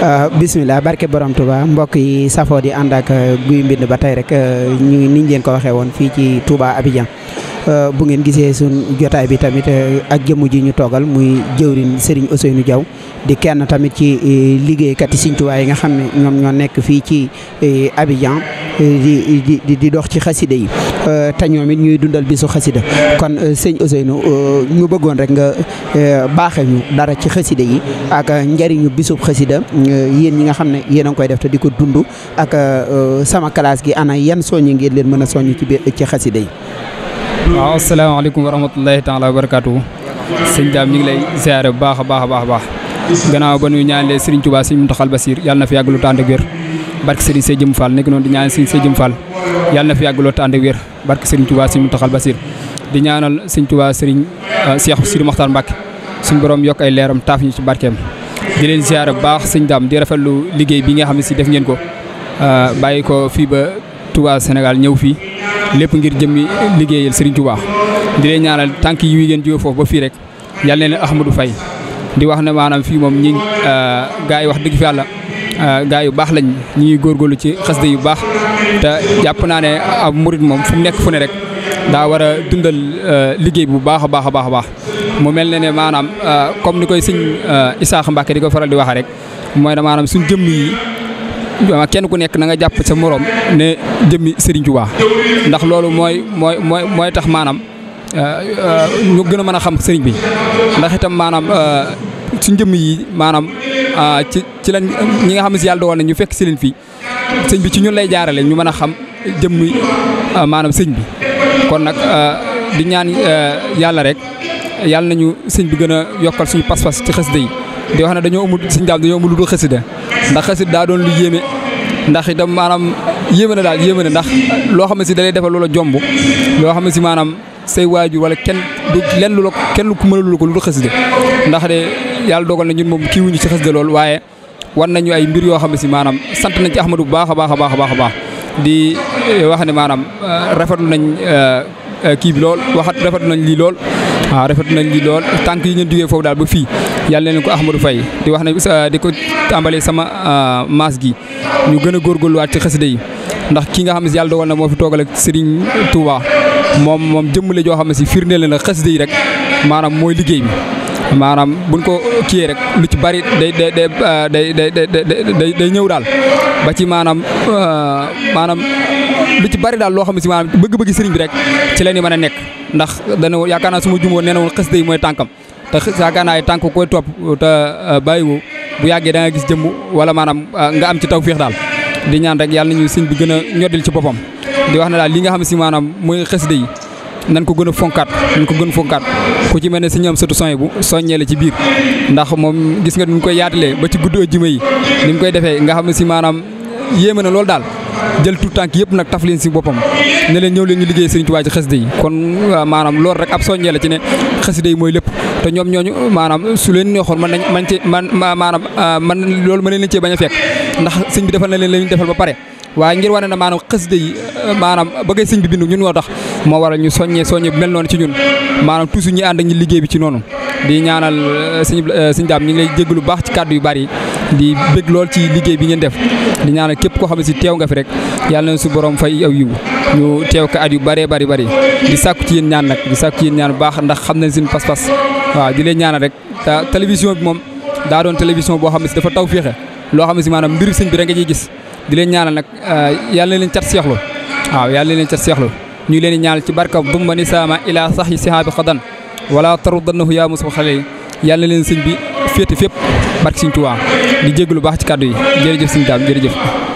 Euh, bisimilah barke borom Touba mbokk yi safoo di ànd ak euh, guy mbind ba tey rek euh, ñu niñ leen ko waxee woon fii ci Touba Abidjan bu ngeen gisee suñ jotaay bi tamit ak jëmm ji ñu toogal muy jëwriñ Serigne Ousseynou Diaw di kenn tamit ci liggéeykat yi Serigne yi nga xam ne ñoom ñoo nekk fii ci Abidjan di di di dox ci xaside yi. Euh, te ñoom it ñuy dundal bisu xasida kon euh, sëñ Ousseynou euh, ñu bëggoon rek nga baaxee ñu dara ci xasida yi ak njëriñu bisub xasida yéen ñi nga xam ne yéen a ngi def te di ko dund ak sama classe gi ana yan soññi ngeen leen mën a soññ ci biir ci xasida yi. waaw asalaamaaleykum wa rahmatulahi taala wa barakaatu. sëñ Daam ñu ngi lay ziare bu baax a baax a baax a baax. gannaaw ba nuyu ñaanalee Serigne Touba Serigne Mountakha Bassir yàlla na fi yàgg lu tànd ak wér barke Serigne Seye Jëm Fall nekk noonu di ñaanal Serigne Seye Jëm yàlla na fi yàgg lool te ànd ak wér barke Serigne Touba Serigne Mountakha di ñaanal Serigne Touba Serigne euh, Cheikh Sidi Mokhtar Mbacke suñu borom yokk ay leeram taaf ñu ci barkeem di leen ziare bu baax sëñ daam di lu liggéey bi nga xam ne si def ngeen ko euh, bàyyi ko fii ba Touba Sénégal ñëw fii lépp ngir jëmmi liggéeyal Serigne Touba di leen ñaanal tànk yi wi ngeen jóge ba fii rek yàlla na leen Ahmadou Faye di wax ne maanaam fii moom ñi euh, gaa yi wax dëgg fi yàlla Euh, gaa yu baax lañ ñu ngi góorgóorlu ci xasida yu baax te jàpp naa ne ab murit moom fu mu nekk fu ne rek daa war a dundal euh, liggéey bu baax a baax a baax a baax mu mel ne ne maanaam euh, comme ni koy sëñ Isaax Mbàkke di ko faral di waxee rek mooy ne maanaam suñ jëmm yi kenn ku nekk na nga jàpp sa morom ne jëmmi Sëriñ Tuubaa ndax loolu mooy mooy mooy mooy tax maanaam ñu gën a mën a xam sëriñ bi ndax yi maanaam Ah, ci ci lañ ñi nga xam si yàlla dogal na ñu fekk si leen fii sëñ bi ci ñun lay jaarale ñu mën a xam jëmmi ah, maanaam sëñ bi kon nag ah, di ñaan yàlla rek yàlla nañu sëñ bi gën a yokkal suñu pas-pas ci xasida yi di wax ne dañoo amul sëñ daal dañoo amul lu dul xasida ndax xasida daa doon lu yéeme ndax itam maanaam yéeme na daal yéeme na ndax loo xam ne si da lay defal loola jomb loo xam ne si maanaam say waajur wala kenn du lenn lu la kenn ku mënalul ko lu dul xasida ndax de yàlla dogal na ñun moom kiiwuñu ci xasida lool waaye war nañu ay mbir yoo xam ne si maanaam sant nañ ci Ahmadou bu baax a baax a baax a baax di eh, wax ne maanaam eh, rafetlu nañ eh, kii bi lool waxat rafetlu nañ lii lool waa ah, rafetlu nañ lii lool tànk yi ngeen jugee foofu daal ba fii yàlla leen ko Ahmadou Faye di wax ne di ko tàmbalee sama maas gi ñu gën a góorgóorluwaat ci xasida yi ndax ki nga xam ne si yàlla dogal na moo fi toogal ak Serigne Touba moom moom jëmmale joo xam ne si firndeel na xasida yi rek maanaam mooy liggéey bi maanaam buñ ko kiyee rek lu ci bari day day day ah, day day day ñëw daal ba ci maanaam ah, maanaam lu ci bari daal loo xam ne si maanaam bëgg-bëgg sëriñ bi rek ci la ñuy mën a nekk ndax dana yaakaar naa suma ma jumoon nee na yi mooy tànkam te yaakaar naa ay tànk koy topp te ah, bàyyiwoo bu yàggee da gis jëmm wala maanaam nga am ci tawféex daal di ñaan rek yàlla nañu sëñ bi gën a ñoddil ci boppam di wax na daal li nga xam si maanaam mooy xasida yi nan ko gën a fonkaat nan ko gën fonkaat ku ci mel ne si ñoom sëtu soñ bu soññee la ci biir ndax moom gis nga nu koy yaatalee ba ci guddoo jima yi ni mu koy defee nga xam ne si maanaam yéeme na lool daal jël tout tànk yëpp nag taf leen si boppam ne leen ñëw leen ñu liggéey Sëriñ Tuubaa ci xasida yi kon maanaam loolu rek ab soññee la ci ne xasida yi mooy lépp te ñoom ñooñu maanaam su leen neexoon man nañ man ci man maanaam ah, man loolu mën nañ leen cee bañ a fekk ndax sëñ bi defal na leen la ñu defal ba pare waaye ngir wane na maanaam xasida yi maanaam bëgg sëñ bi bind ñun moo tax moo waral ñu soññee soññee mel noonu ci ñun maanaam toujours ñu ànd ak ñi liggéey bi ci noonu di ñaanal eh, sëñ eh, sëñ daam ñu ngi lay jéggalu baax ci kàddu yu bari di bég lool ci liggéey bi ngeen def di ñaanal képp koo xam ne si teew nga fi rek yàlla su borom fay aw yiw ñu teew ko at yu bëree bëri bëri di sàkku ci yéen ñaan nag di sàkku ci yéen bu baax ndax xam nañ seen pas-pas waaw di leen ñaanal rek télévision bi moom daa doon télévision boo xam ne si dafa taw féexe loo xam ne si maanaam mbiru sëñ bi rek nga ciy gis di leen ñaanal nag eh, yàlla leen cat seexlu waaw yàlla leen cat seexlu ñu ngi leen di ñaanal ci barka dumba ni saama ilaa sax yi sihaabi xadan wala tarudannahu yaa musa xale yàlla leen sëñ bi féete fépp barke sëñ waa di jégg lu baax ci kàddu yi jërëjëf sëñ daam jërëjëf